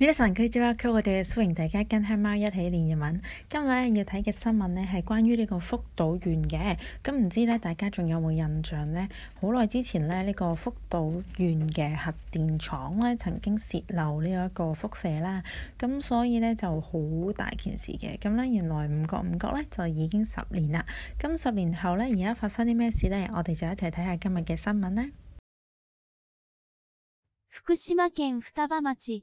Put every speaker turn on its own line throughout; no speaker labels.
皆さんこんにちは，我哋歡迎大家跟黑貓一起練日文。今日咧要睇嘅新聞呢，係關於呢個福島縣嘅，咁唔知咧大家仲有冇印象呢？好耐之前咧呢個福島縣嘅核電廠咧曾經洩漏呢一個輻射啦，咁所以呢，就好大件事嘅。咁呢，原來唔覺唔覺呢，就已經十年啦。咁十年後呢，而家發生啲咩事呢？我哋就一齊睇下今日嘅新聞呢。福島県雙葉町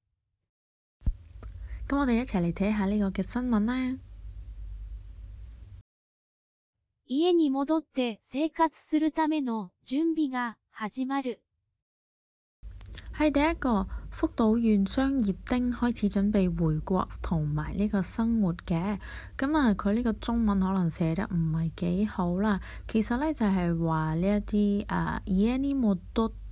咁我哋一齊嚟睇下呢個嘅新聞
啦。係第一個，福
島縣雙葉町開始準備回國同埋呢個生活嘅。咁啊，佢呢個中文可能寫得唔係幾好啦。其實咧就係話呢一啲誒，啊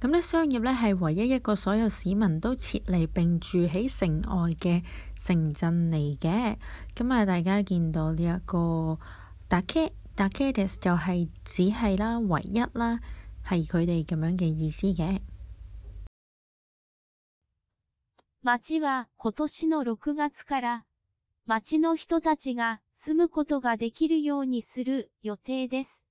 咁呢商業呢係唯一一個所有市民都撤離並住喺城外嘅城鎮嚟嘅。咁啊，大家見到呢一個だけだけです，就係只係啦，唯一啦，係佢哋咁樣嘅意思嘅。
街は今年の6月から街の人たちが住むことができるようにする予定です。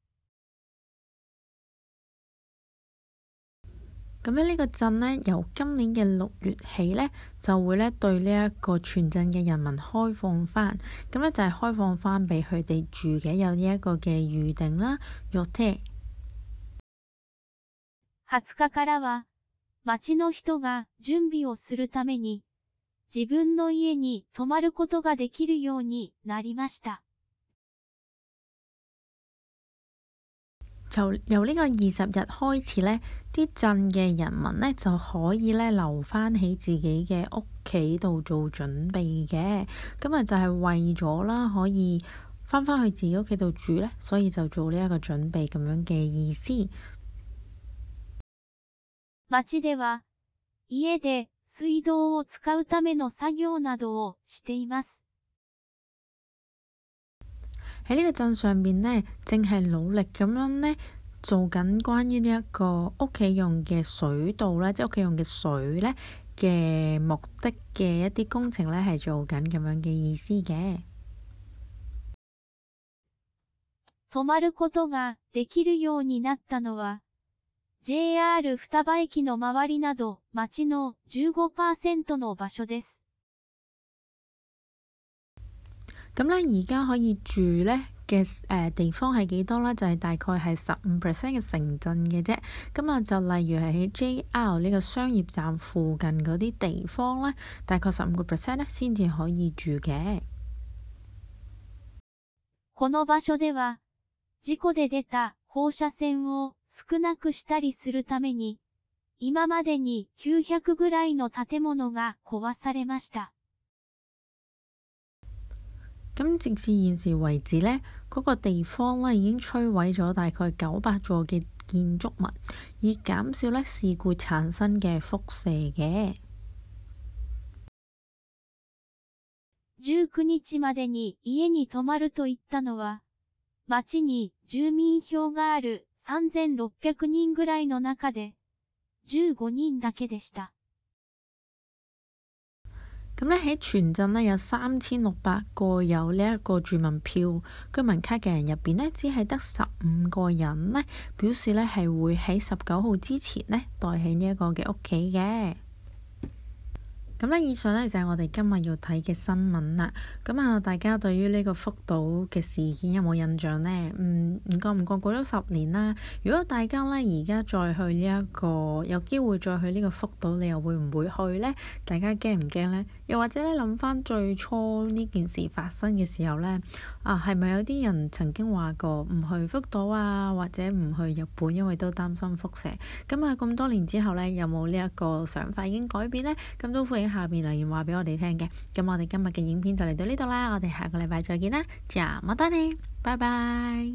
咁呢、呢個鎮呢、由今年嘅六月起呢、就會呢對、呢一個全鎮嘅人民開放返。咁呢、就係開放返畀佢哋住嘅有呢一個嘅預定啦。20日
からは、町の人が準備をするために、自分の家に泊まることができるようになりました。
就由呢個二十日開始，呢啲鎮嘅人民呢，就可以呢留翻喺自己嘅屋企度做準備嘅。咁啊就係為咗啦，可以翻返去自己屋企度住呢，所以就做呢一個準備咁樣嘅意思。
街では、家で水道を使うための作業などをしています。
喺呢個鎮上面呢，正係努力咁樣呢做緊關於呢一個屋企用嘅水道啦，即係屋企用嘅水呢嘅目的嘅一啲工程呢，係做緊咁樣
嘅意思嘅。
咁咧，而家可以住咧嘅誒地方係幾多咧？就係大概係十五 percent 嘅城鎮嘅啫。咁啊，就例如係喺 JR 呢個商業站附近嗰啲地方咧，大概十五個 percent 咧先至可以住嘅。
この場所では、事故で出た放射線を少なくしたりするために、今までに900ぐらいの建物が壊されました。
咁直至現時為止呢，嗰個地方呢已經摧毀咗大概九百座嘅建築物，以
減少呢事故產生嘅輻射嘅。
咁咧，喺全鎮咧有三千六百個有呢一個住民票、居民卡嘅人入邊咧，只係得十五個人咧表示咧係會喺十九號之前咧待喺呢一個嘅屋企嘅。咁咧，以上咧就係我哋今日要睇嘅新聞啦。咁啊，大家對於呢個福島嘅事件有冇印象呢？嗯，唔覺唔覺過咗十年啦？如果大家咧而家再去呢一個有機會再去呢個福島，你又會唔會去呢？大家驚唔驚呢？又或者咧諗翻最初呢件事發生嘅時候呢，啊，係咪有啲人曾經話過唔去福島啊，或者唔去日本，因為都擔心輻射？咁啊，咁多年之後呢，有冇呢一個想法已經改變呢？咁都歡迎。下邊留言話俾我哋聽嘅，咁我哋今日嘅影片就嚟到呢度啦，我哋下個禮拜再見啦，謝唔多謝，拜拜。